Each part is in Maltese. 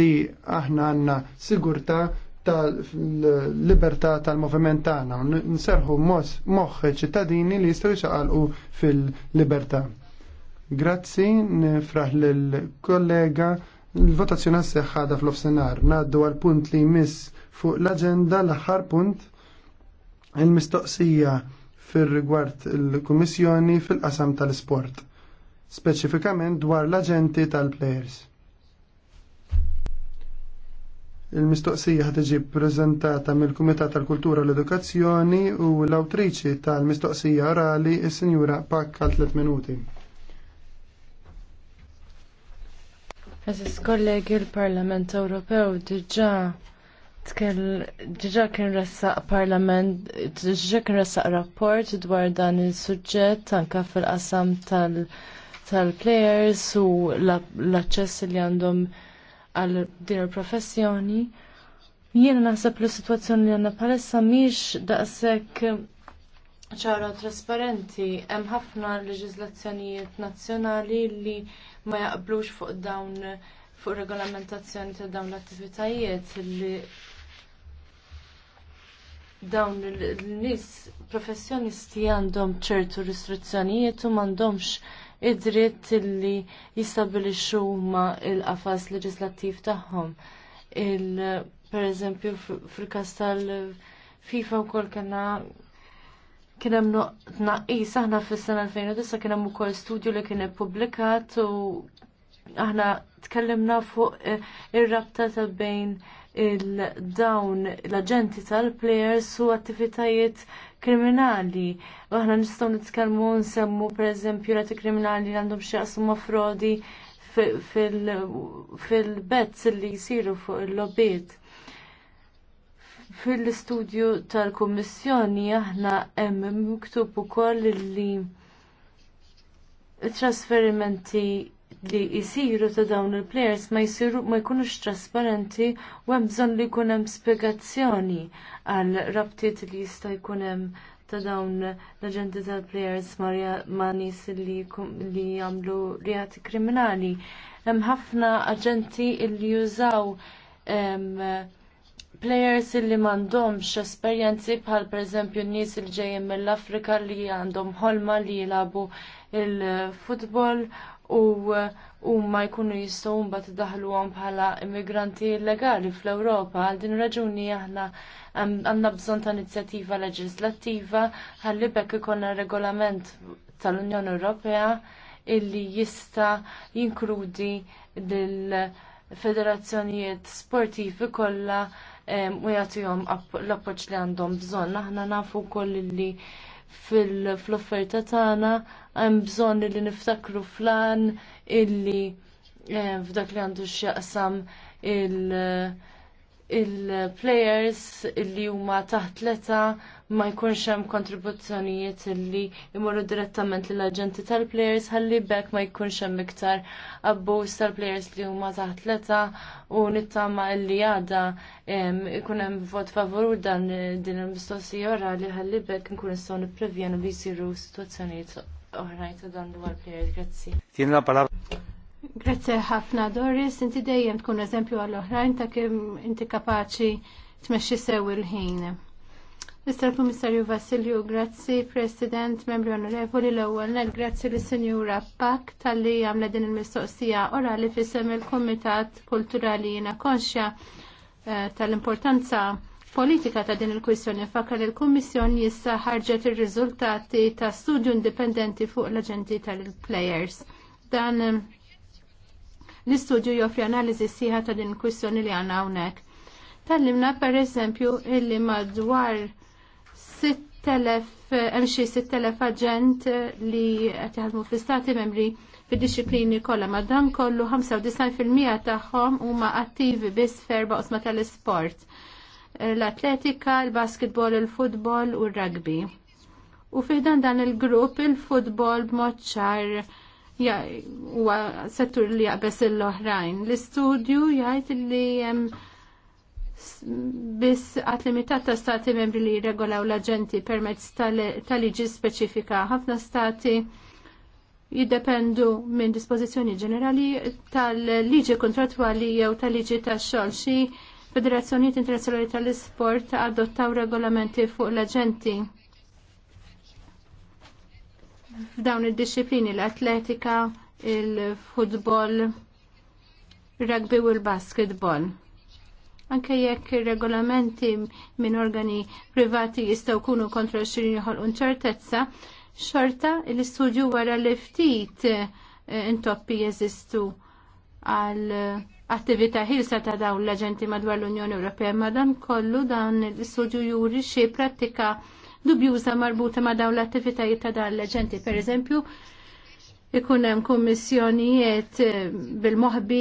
li aħna għanna sigurta tal-libertà tal-movement tagħna u nserħu moħħ ċittadini li jistgħu jxaqalqu fil-libertà. Grazzi, nifraħ lill-kollega l-votazzjoni għas-seħħada fl-ofsenar. Naddu għal punt li jmiss fuq l-aġenda l-aħħar punt il-mistoqsija fir-rigward il-Kummissjoni fil-qasam tal-Sport, speċifikament dwar l-aġenti tal-plejers. Il-mistoqsija ħatiġi prezentata mill-Kumitat tal-Kultura u l-Edukazzjoni u l-awtriċi tal-mistoqsija orali is-Sinjura Pakka għal 3 minuti. Għazis kollegi l-Parlament Ewropew diġà diġa kien ressaq parlament, diġa kien ressaq rapport dwar dan il-sujġet anka fil-qasam tal-players u l-access li għandhom għal din il-professjoni. Jiena naħseb li situazzjoni li għanna palessa miex daqshekk ċara trasparenti, hemm ħafna leġislazzjonijiet nazzjonali li ma jaqblux fuq dawn fuq regolamentazzjoni ta' dawn l-attivitajiet li dawn l-nis professjonisti għandhom ċertu restrizzjonijiet u m'għandhomx id-dritt li jistabilixxu huma il-qafas leġislattiv tagħhom. Il per eżempju fil-kas tal-FIFA wkoll kellna kien hemm tnaqqis aħna fis-sena 2009 kien hemm ukoll studju li kien ippubblikat u aħna tkellimna fuq eh, ir-rabta ta' bejn il-dawn l-aġenti tal-plejers u attivitajiet kriminali. aħna nistgħu nitkellmu nsemmu pereżempju rati kriminali li għandhom xi ma' frodi fil-bets li jsiru fuq il-lobiet. Fil-istudju tal-Kummissjoni aħna hemm miktub ukoll li trasferimenti li jisiru ta' dawn il-plejers ma jisiru ma jkunux trasparenti u hemm bżonn li jkun hemm spjegazzjoni għal rabtiet li jista' jkun hemm ta' dawn l-aġenti tal-plejers ma' nies li jagħmlu reati kriminali. Hemm ħafna aġenti li jużaw plejers li m'għandhomx esperjenzi bħal pereżempju n-nies il ġejjin mill-Afrika li għandhom ħolma li jilagħbu il-futbol u huma jkunu jistgħu mbagħad idaħluhom bħala immigranti illegali fl-Ewropa. Għal din raġuni aħna għandna bżonn ta' inizjattiva leġislattiva ħalli bekk ikollna regolament tal-Unjoni Ewropea illi jista' jinkludi lil federazzjonijiet sportivi kollha u jagħtihom l-appoġġ li għandhom bżonn. Aħna nafu wkoll li fil-offerta tagħna hemm bżonn li niftakru flan illi eh, f'dak li għandu x'jaqsam il- il-players illi huma taħt ma jkunx hemm kontribuzzjonijiet illi jmorru direttament lill aġenti tal-plejers ħalli bekk ma jkunx hemm iktar abbuż tal-plejers li huma taħt u nittama illi għada ikun hemm vot favur dan din il-mistoqsija li ħalli bekk nkun nistgħu nipprevjenu li jsiru sitwazzjonijiet oħrajta dan dwar players, grazzi. Tien la Grazzi ħafna Doris, inti dejjem tkun eżempju għall-oħrajn ta' kemm inti kapaċi tmexxi sew il-ħin. Mr. Komissarju Vassilju, grazzi, President, membri onorevoli l-ewwel nel grazzi l sinjura Pak tal-li għamla din il-mistoqsija orali fisem il-Komitat Kulturali jina konxja eh, tal-importanza politika ta' din il-kwistjoni fakar li l-Kummissjoni issa ħarġet ir-riżultati ta' studju indipendenti fuq l-aġenti tal-plejers. Dan eh, l-istudju joffri analiżi siħa ta' din il kwissjoni li għandna hawnhekk. Tallimna pereżempju illi madwar 6,000 eh, hemm xi 6,000 aġent eh, li qed jaħdmu fl-istati membri fid-disciplini kollha madan kollu 95% tagħhom huma attivi bis ferba' osma tal-isport l-atletika, il-basketball, il-futbol u r-rugby. U fiħdan dan il-grupp il-futbol b'moċċar, ċar huwa settur li jaqbess l-oħrajn. L-istudju jgħid li biss għat limitat ta' stati membri li jirregolaw l-agenti permezz tal-liġi speċifika. Ħafna stati jiddependu minn dispożizzjoni ġenerali tal-liġi kontratwali jew tal-liġi tax-xogħol xi Federazzjonijiet Internazzjonali tal-Isport adottaw regolamenti fuq l-aġenti f'dawn id-disciplini l-atletika, il-futbol, rugby u l basketball Anke jekk regolamenti minn organi privati jistgħu jkunu kontra xirin joħolqu ċertezza, xorta l-istudju wara li ftit eh, intoppi jeżistu għal attività ħilsa ta' dawn l-aġenti madwar l-Unjoni Ewropea madan kollu dan l-istudju juri xi prattika dubjuża marbuta ma dawn l-attivitajiet ta' dawn l-aġenti. Per eżempju, ikun hemm kummissjonijiet eh, bil-moħbi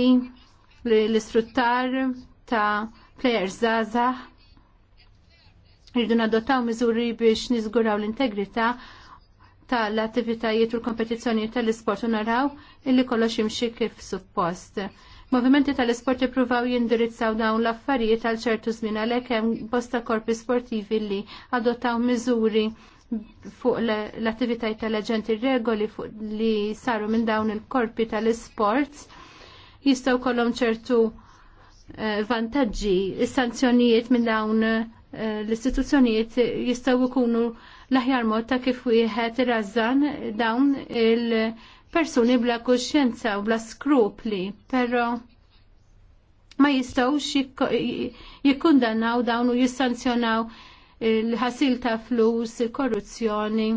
l-istruttar ta' plejers żgħażagħ irridu nadottaw miżuri biex niżguraw l-integrità tal-attivitajiet u l-kompetizzjonijiet tal-isport u naraw illi kollox jimxi kif suppost. Movimenti tal-isport ippruvaw jindirizzaw dawn l-affarijiet għal ċertu żmien għalhekk hemm bosta korpi sportivi li adottaw miżuri fuq l attivitajiet tal-aġenti regoli li saru minn dawn il-korpi tal-isport jistgħu kollhom ċertu eh, vantaġġi, is-sanzjonijiet minn dawn eh, l-istituzzjonijiet jistgħu jkunu l-aħjar mod ta' kif wieħed irrażan dawn il- persuni bla kuxjenza u bla skrupli, pero ma jistawx jikkundannaw dawn u jissanzjonaw il-ħasil ta' flus, il-korruzzjoni,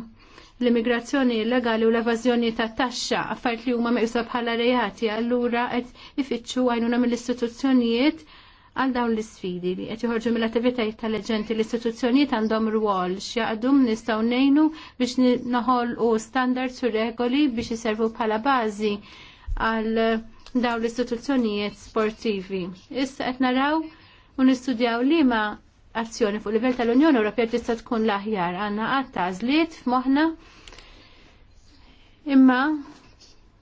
l-immigrazzjoni illegali u l-evażjoni ta' taxxa affarijiet li huma meqsa bħala rejati allura qed ifittxu għajnuna mill-istituzzjonijiet għal dawn l-isfidi li qed joħorġu mill-attivitajiet tal-leġenti l-istituzzjonijiet għandhom rwol x'jaqdum nistgħu ngħinu biex naħolqu standards u regoli biex iservu bħala bażi għal dawn l-istituzzjonijiet sportivi. Issa qed naraw u nistudjaw liema azzjoni fuq livell tal-Unjoni Ewropea tista' tkun l-aħjar għandna qatt għażliet f'moħħna imma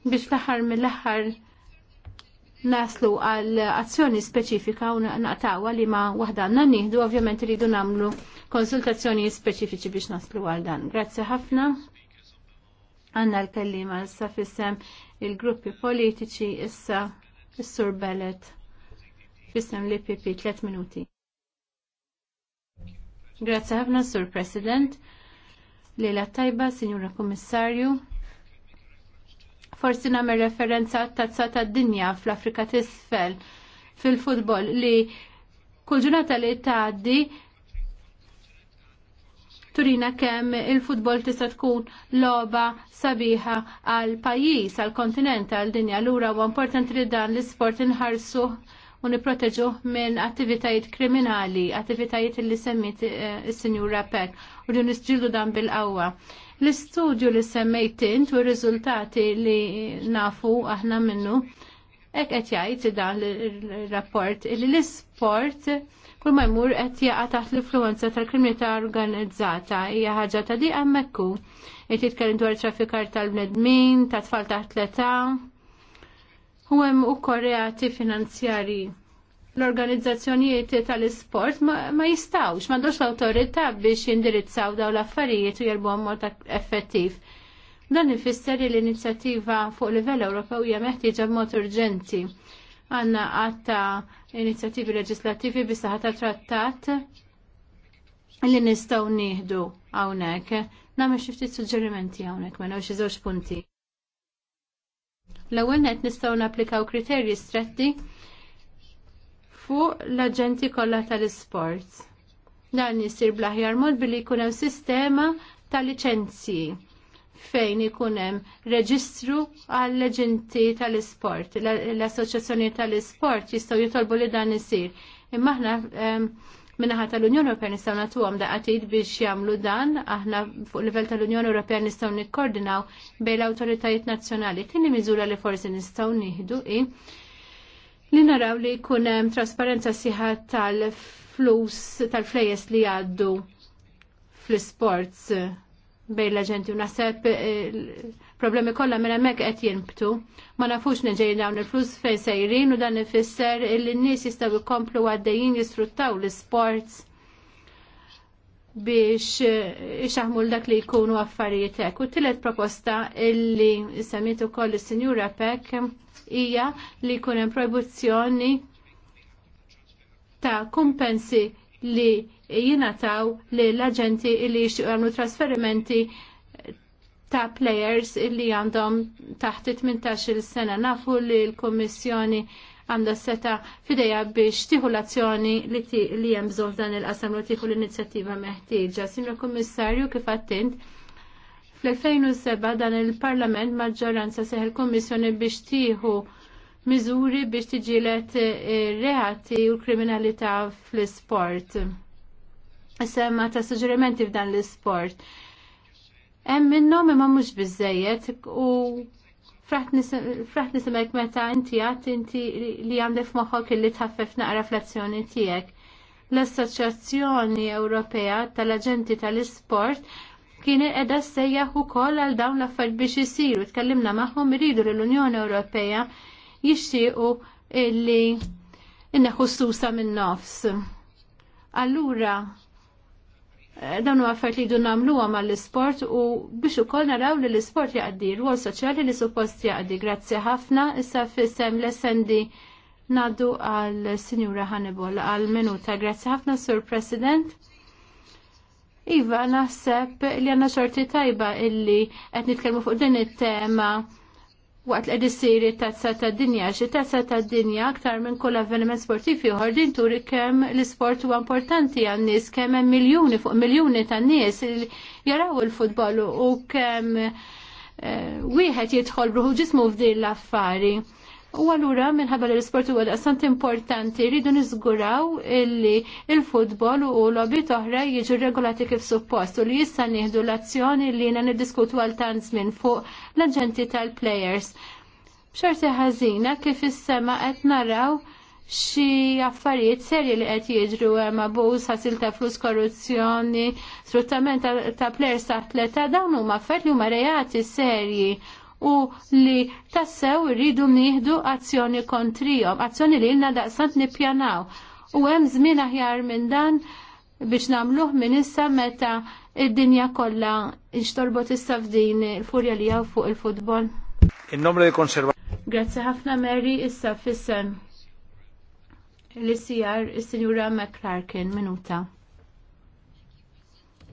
biex l aħħar mill-aħħar naslu għal azzjoni speċifika u naqtawa li ma wahdanna nieħdu ovvjament rridu namlu konsultazzjoni speċifiċi biex naslu għal dan. Grazzi ħafna. Għanna l-kellima issa fissem il-gruppi politiċi issa s-sur Bellet fissem li pipi 3 minuti. Grazzi ħafna, Sur President. Lila tajba, Signora Kommissarju forsi nagħmel referenza tazza tad-dinja fl-Afrika t'isfel fil-futbol li kull ġurnata li tgħaddi turina kemm il-futbol tista' tkun logħba sabiħa għal pajjiż, għal kontinent, għal dinja lura u importanti li dan l-isport inħarsuh u niproteġu minn attivitajiet kriminali, attivitajiet li semmit eh, il-Sinjura Rapek u li nisġildu dan bil-qawwa. L-istudju li semmejt int u r-riżultati li nafu aħna minnu ek qed jgħid dan l-rapport li l-isport kull ma jmur qed jaqa' taħt l-influenza tal-kriminalità organizzata hija ħaġa ta' diqa' Mekku. qed jitkellem dwar traffikar tal-bnedmin, ta' tfal taħt l-età u hemm ukoll reati finanzjarji. L-organizzazzjonijiet tal-isport ma jistawx, m'għandux l-awtorità biex jindirizzaw dawn l-affarijiet u jelbu mod effettiv. Dan ifisser li l-inizjattiva fuq livell Ewropew hija meħtieġa b'mod urġenti. Għandna għatta inizjattivi leġislattivi bi saħata trattat li nistgħu nieħdu hawnhekk. Nagħmel xi ftit suġġerimenti hawnhekk ma nagħmel xi żewġ punti. L-ewwel qed nistgħu napplikaw kriterji stretti fuq l-aġenti kollha tal-isport. Dan jisir bl-aħjar mod billi jkun hemm sistema ta' liċenzji fejn ikun hemm reġistru għall leġenti tal-isport. L-assoċjazzjoni tal-isport jistgħu jitolbu li dan isir. Imma aħna Minnaħat tal-Unjoni Ewropea nistgħu nagħtuhom daqatit biex jagħmlu dan, aħna fuq livell tal-Unjoni Ewropea nistgħu nikkoordinaw bejn l-awtoritajiet nazzjonali. Tieni miżura li forsi nistgħu nieħdu hi li naraw li jkun hemm trasparenza siħa tal-flus tal-flejes li għaddu fl-sports bejn l-aġenti u naħseb eh, problemi kollha minn hemmhekk qed jinbtu. Ma nafux neġej dawn il-flus fejn sejrin u dan ifisser illi n-nies jistgħu jkomplu għaddejjin jisfruttaw l-isports biex eh, ixaħmu l-dak li jkunu affarijiet hekk. U t proposta illi semmit ukoll is-Sinjura Pek hija li jkun hemm proibizzjoni ta' kumpensi li jingħataw lill aġenti li jixtiequ jagħmlu trasferimenti ta' players illi għandhom taħt 18 sena nafu li l-Kommissjoni għandha seta fideja biex tieħu l-azzjoni li hemm bżonn f'dan il-qasam li tieħu l-inizjattiva meħtieġa. Sinjor Kummissarju kif attint fl-2007 dan il-Parlament maġġoranza seħ il-Kommissjoni biex tieħu miżuri biex tiġilet eh, reati u kriminalità fl-isport. ma ta' suġġerimenti f'dan l-isport Hemm minnhom imma mhux biżejjed u fraħt nisimek meta inti għat inti li għandek moħħok li tħaffef naqra fl-azzjoni tiegħek. L-Assoċjazzjoni Ewropea tal-Aġenti tal-Isport kien edha sejjaħ ukoll għal dawn l-affarijiet biex isiru. Tkellimna magħhom iridu l-Unjoni Ewropea jixtiequ illi inneħu susa minn nofs. Allura, Eh, dawn u għaffert li jdu namlu għam l-sport u biex u koll naraw li l-sport jaqdi rwol soċjali li suppost jaqdi. Grazzi ħafna, issa fissem l-essendi naddu għal Sinjura Hannibal għal minuta. Grazzi ħafna, Sur President. Iva, naħseb li għanna xorti tajba illi t-kelmu fuq din it-tema waqt li disiri tazza ta' dinja, xi tazza ta' dinja aktar minn kull avveniment sportiv ieħor din turi kemm l-isport huwa importanti għan-nies kemm hemm miljuni fuq miljuni ta' nies li jaraw il-futbol u kemm eh, wieħed jidħol bruħu ġismu f'din l-affari. U għallura minħabba li l-sport huwa daqsant importanti rridu niżguraw illi il-futbol u lobby oħra jiġu regolati kif suppost u li jista' nieħdu l-azzjoni li jiena niddiskutu għal tant żmien fuq l-aġenti tal-plejers. B'xorti ħażina kif is-sema qed naraw xi affarijiet serji li qed jiġru hemm abuż, ħasil ta' flus korruzzjoni, sfruttament ta' plejers ta' atleta dawn huma affarijiet li huma reati serji u li tassew irridu nieħdu azzjoni kontrijom, azzjoni li ilna daqsant nippjanaw. U hemm żmien aħjar minn dan biex nagħmluh minn issa meta id-dinja kollha inxtorbot issa f'din il-furja li fuq il-futbol. Il-nombre li konserva. Grazzi ħafna Mary issa fissem l-sijar il sinjura McClarkin minuta.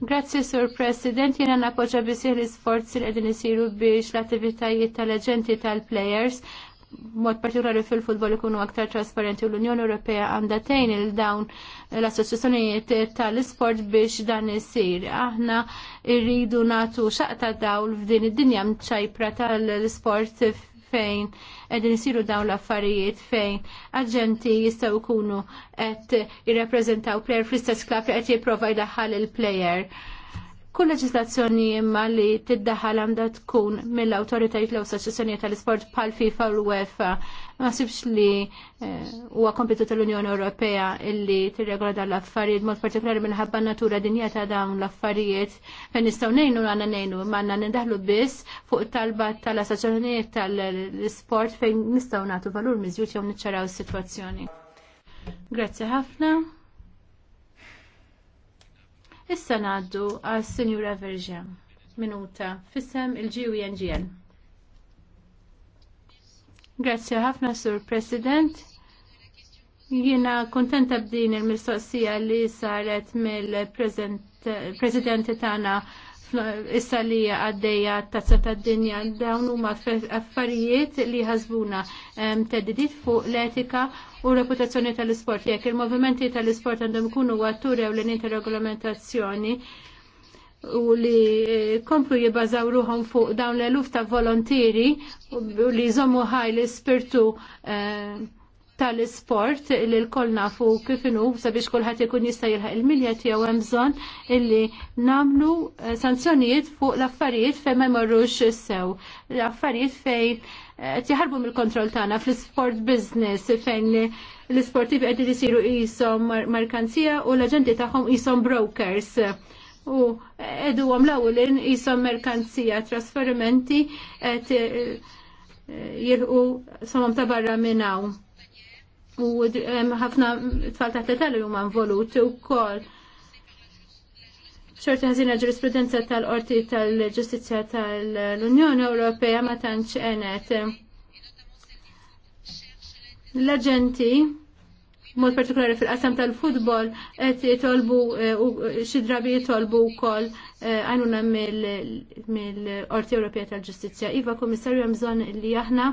Grazzi, Sur President, jena napoġa bisir l-sforzi li għedin isiru biex l-attivitajiet tal-agenti tal-players mod partikolari fil-futbol ikunu aktar trasparenti u l-Unjoni Ewropea għandha tgħin il dawn l-assoċjazzjonijiet tal-isport biex dan isir. Aħna rridu nagħtu xaqta dawl f'din id-dinja mċajpra tal-isport fejn għedin siru dawn l-affarijiet fejn aġenti jistgħu jkunu qed jirrappreżentaw plejer fl-istess klab li qed jipprova il-plejer. Kull leġislazzjoni imma li tiddaħal għandha tkun mill-awtoritajiet l soċessjonijiet tal-isport pal FIFA u UEFA ma sibx li eh, huwa kompetu tal-Unjoni Ewropea illi tirregola dan l-affarijiet mod partikolari minħabba natura dinja ta' dawn l-affarijiet fejn nistgħu ngħinu għandna ngħinu ma għandna nindaħlu biss fuq talba tal-assoċjonijiet tal-isport fejn nistgħu nagħtu valur miżjud jew niċċaraw is-sitwazzjoni. Grazzi ħafna. Issa ngħaddu għas Sinjura Verge Minuta. Fissem il-GUNGL. Grazzi ħafna, Sur President. Jiena kontenta b'din il-mistoqsija li saret mill-Presidenti tagħna issa li għaddeja tazza ta' dinja dawn huma affarijiet li ħasbuna ehm, teddidiet fuq l-etika u reputazzjoni tal-isport jekk il-movimenti tal-isport għandhom ikunu għatturi u l inti regolamentazzjoni u li eh, komplu jibbażaw ruħom fuq dawn l-eluf ta' volontiri u li jżommu ħaj l-ispirtu eh, tal-isport li l-koll nafu kif inhu sabiex kulħadd ikun jista' jilħaq il-milja tiegħu hemm bżonn illi nagħmlu eh, sanzjonijiet fuq l-affarijiet fejn ma jmorrux sew. L-affarijiet fejn eh, qed jaħarbu mill-kontroll tagħna fl-sport business fejn l-isportivi qegħdin isiru qishom merkanzija u l-aġenti tagħhom qishom brokers u edu għom l jisom merkanzija trasferimenti et eh, jirqu somam ta' barra minnaw u ħafna tfal ta' tletal huma involuti wkoll xorta ħazina ġurisprudenza tal-qorti tal-ġustizja tal-Unjoni Ewropea ma tantx enet. L-aġenti, mod partikolari fil-qasam tal-futbol, qed jitolbu e, u xi drabi jitolbu wkoll e, għajnuna mill-Qorti Ewropea tal-Ġustizzja. Iva, Kummissarju hemm bżonn li aħna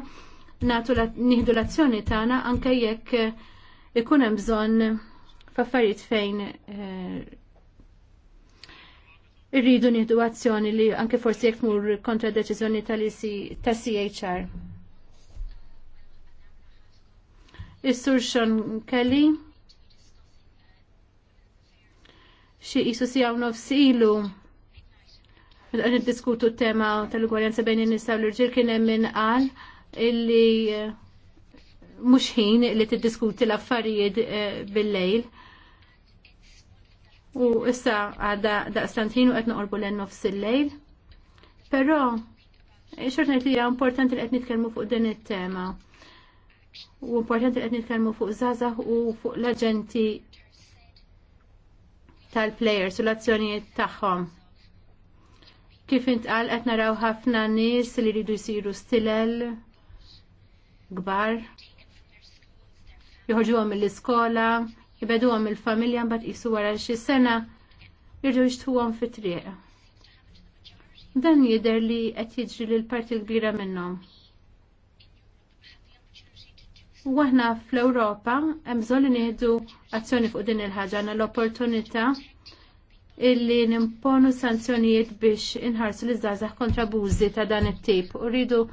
natu nieħdu l-azzjoni tagħna anke jekk eh, ikun hemm bżonn f'affarijiet fejn eh, irridu nieħdu azzjoni li anke forsi jekk mur kontra deċiżjoni tal-CHR. Is-Sur Sean Kelly xi qisu sijaw nofsilu Għan diskutu t-tema tal ugwarjanza bejn in-nisa u l-irġiel kien hemm min qal illi eh, mhux ħin li tiddiskuti l-affarijiet eh, bil-lejl. U issa għadda daqstantinu qed noqorbu l-nofs il-lejl. Però eh, xortnejt li hija importanti li qed nitkellmu fuq din it-tema. U importanti li qed nitkellmu fuq żgħażagħ u fuq l-aġenti tal-players u l-azzjonijiet tagħhom. Kif intqal qed naraw ħafna nies li jridu jsiru stilel gbar, joħorġu għom mill-iskola, jibedu għom l familja mbagħad qisu wara xi sena jirġu jixtħu għom fit-triq. Dan jidher li qed jiġri l parti kbira minnhom. U aħna fl-Ewropa hemm bżonn li nieħdu azzjoni fuq din il-ħaġa l-opportunità illi nimponu sanzjonijiet biex inħarsu l izzazah kontra buzzi ta' dan it-tip u rridu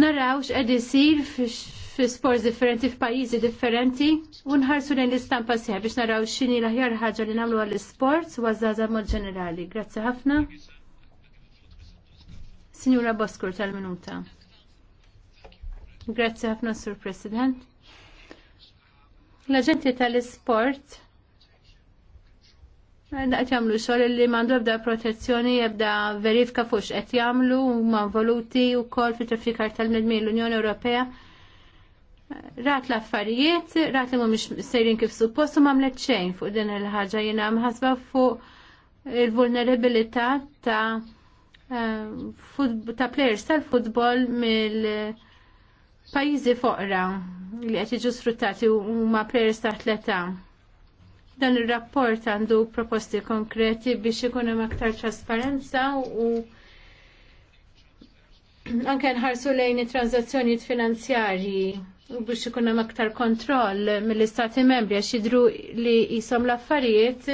naraw x'qed isir fi-sports differenti f'pajjiżi differenti u nħarsu lejn l-istampa sieħ biex naraw x'inhi l-aħjar ħaġa li nagħmlu għall-isports u għażaża mod ġenerali. Grazzi ħafna. Signora Boskur tal-minuta. Grazzi ħafna, Sur President. L-aġenti tal-isport Daqt jamlu xogħol li mandu ebda protezzjoni, ebda verifika fuq x'qed jagħmlu, huma u wkoll fit-traffikar tal medmi l-Unjoni Ewropea. Rat l-affarijiet, rat li mhumiex sejrin kif suppost u mlet xejn fuq din il-ħaġa jiena mħasba fuq il-vulnerabilità ta' eh, ta' players tal-futbol mill- pajjiżi foqra li qed jiġu sfruttati huma plejers ta' tleta. Dan il-rapport għandu proposti konkreti biex ikun hemm aktar trasparenza u anke nħarsu lejn it-transazzjonijiet finanzjarji u biex ikun hemm aktar kontroll mill-istati membri għax jidru li jisom l-affarijiet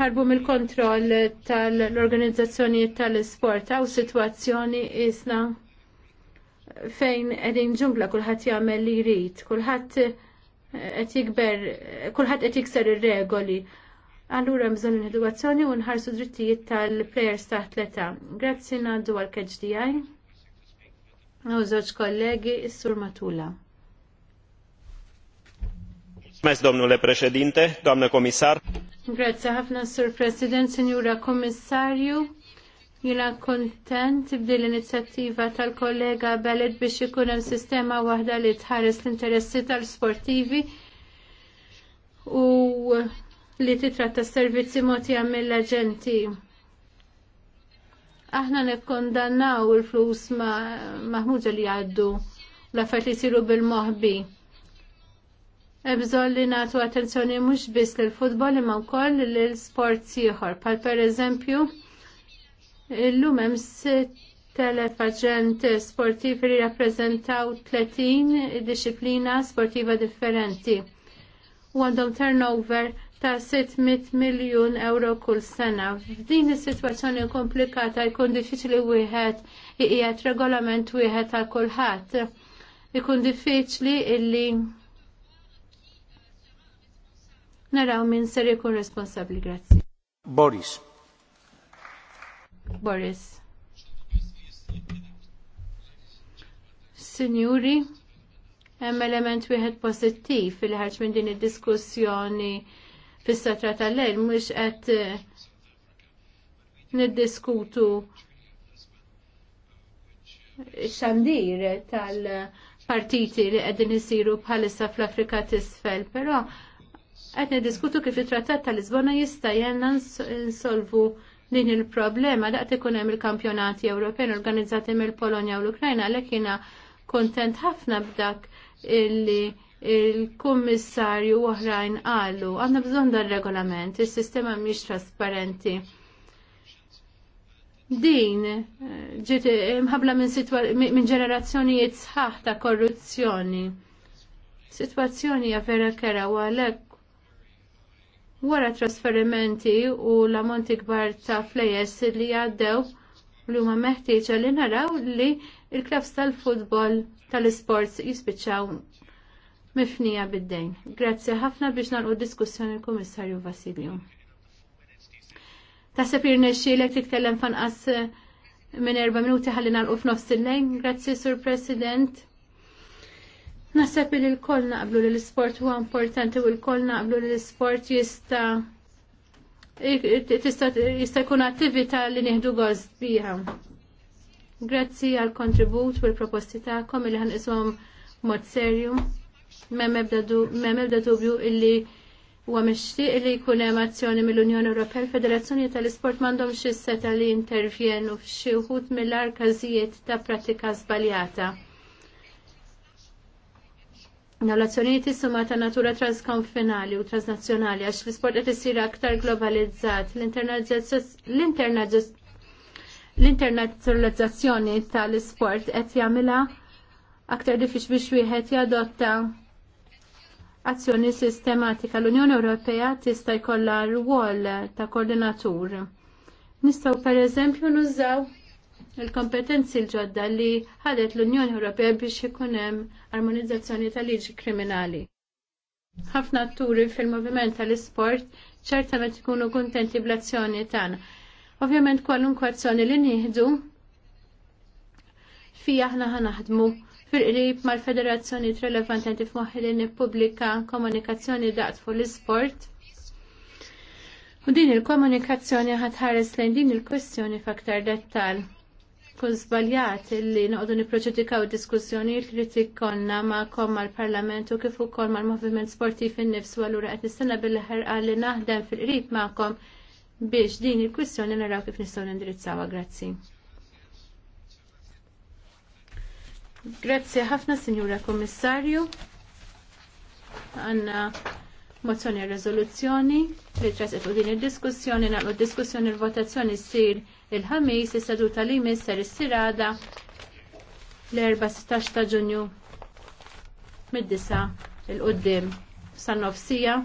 ħarbu mill-kontroll tal-organizzazzjoni tal-sport għaw situazzjoni isna fejn edin ġungla kulħadd jagħmel li jrid, kulħadd et jikber, kulħadd qed jikser ir-regoli. Allura bżonn l-edukazzjoni u nħarsu drittijiet tal-plejers ta' atleta. Grazzi ngħaddu għal KHDI. Għaw żewġ kollegi, s sur Matula. Mes domnule președinte, doamnă comisar. Grazie ħafna, Sur President, Signora Kommissarju Jina kontent tibdi l-inizjattiva tal-kollega Bellet biex ikun hemm sistema waħda li tħares l-interessi tal-sportivi u li titratta servizzi moti mill-aġenti. Aħna nekkondannaw il-flus ma' maħmuġa li għaddu l-affarijiet li jsiru bil-moħbi. Ebżon li nagħtu attenzjoni mhux biss lill-futbol imma wkoll l sport ieħor, pal pereżempju Illum hemm telef aġent sportiv li rappreżentaw 30 disciplina sportiva differenti. U għandhom turnover ta' 600 miljun euro kull sena. F'din is-sitwazzjoni komplikata jkun diffiċli wieħed iqiegħed regolament wieħed għal kulħadd. Ikun diffiċli illi naraw min ser ikun responsabbli. Grazzi. Boris. Boris. Signori, hemm element wieħed pożittiv fil ħarġ minn din id-diskussjoni fis-satra tal-lejl mhux qed eh, niddiskutu xandir tal-partiti li qegħdin isiru bħalissa fl-Afrika t'isfel, però qed niddiskutu kif it-Trattat tal-Lisbona jista' jgħinna insolvu ins din il-problema daqt ikun hemm il-kampjonati Ewropej organizzati mill-Polonja u l-Ukrajna għalhekk jiena kontent ħafna b'dak illi il-kummissarju oħrajn qalu għandna bżonn dan regolament, is-sistema mhix trasparenti. Din eh, ġiet mħabla minn min ġenerazzjonijiet sħaħ ta' korruzzjoni. Sitwazzjoni hija vera kera u għalhekk Wara trasferimenti u l-ammonti kbar ta' flejes li għaddew li huma meħtieġa li naraw li l klabs tal-futbol tal-isports jispiċċaw mifnija bid-dejn. Grazzi ħafna biex nagħlqu diskussjoni l-Kummissarju Vasilju. Taħseb jirnexxielek titkellem fanqas minn erba' minuti ħalli nagħlqu f'nofs il-lejn. Grazzi Sur President. Nasab li l-koll naqblu li l-sport huwa importanti u l-koll naqblu li l-sport jista' jista' jkun attività li nieħdu gost biha. Grazzi għal kontribut u l-proposti tagħkom li ħanqishom mod serju. Mem ebda dubju illi huwa mixtieq li jkun hemm azzjoni mill-Unjoni Ewropea l-Federazzjoni tal-Isport m'għandhomx is-seta li jintervjenu f'xi wħud mill arkażijiet ta' pratika żbaljata l is-suma ta' natura transkonfinali u transnazzjonali għax l-isport qed isir aktar globalizzat. L-internazzjonalizzazzjoni tal-isport qed jagħmilha aktar diffiċ biex wieħed jadotta azzjoni sistematika. L-Unjoni Ewropea tista' jkollha rwol ta' koordinatur. Nistgħu pereżempju nużaw il-kompetenzi l-ġodda li ħadet l-Unjoni Ewropea biex ikun hemm armonizzazzjoni tal-liġi kriminali. Ħafna atturi fil-moviment tal-isport ċertament ikunu kuntenti bl-azzjoni tagħna. Ovvjament kwalunkwe azzjoni li nieħdu fija aħna ħanaħdmu fil-qrib mal-federazzjoni relevanti f'moħħi li nippubblika komunikazzjoni daqt fuq l-isport. U din il-komunikazzjoni ħatħares lejn din il-kwestjoni f'aktar dettal kun zbaljat li noqdu niproġudikaw diskussjoni il-kritik konna ma'kom mal parlamentu kif ukoll mal-Moviment Sportiv innifsu allura qed nistenna bil-ħerqa li naħdem fil-qrib magħkom biex din il-kwistjoni naraw kif nistgħu nindirizzawha. Grazzi. Grazzi ħafna Sinjura Kommissarju. Għanna mozzjoni e rezoluzzjoni li traset u din id-diskussjoni, naqlu diskussjoni l votazzjoni ssir il-ħamis is-seduta li jmisser is-sirada l-14 ta' Ġunju mid-disa il-qoddim sa' nofsija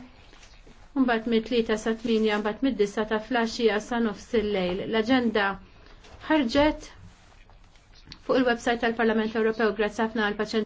Mbagħad mit-tlieta sa' tminja mbagħad mid-disa ta' flaxija sa' nofs il-lejl. L-aġenda ħarġet fuq il-website tal-Parlament Ewropew grazzi ħafna għal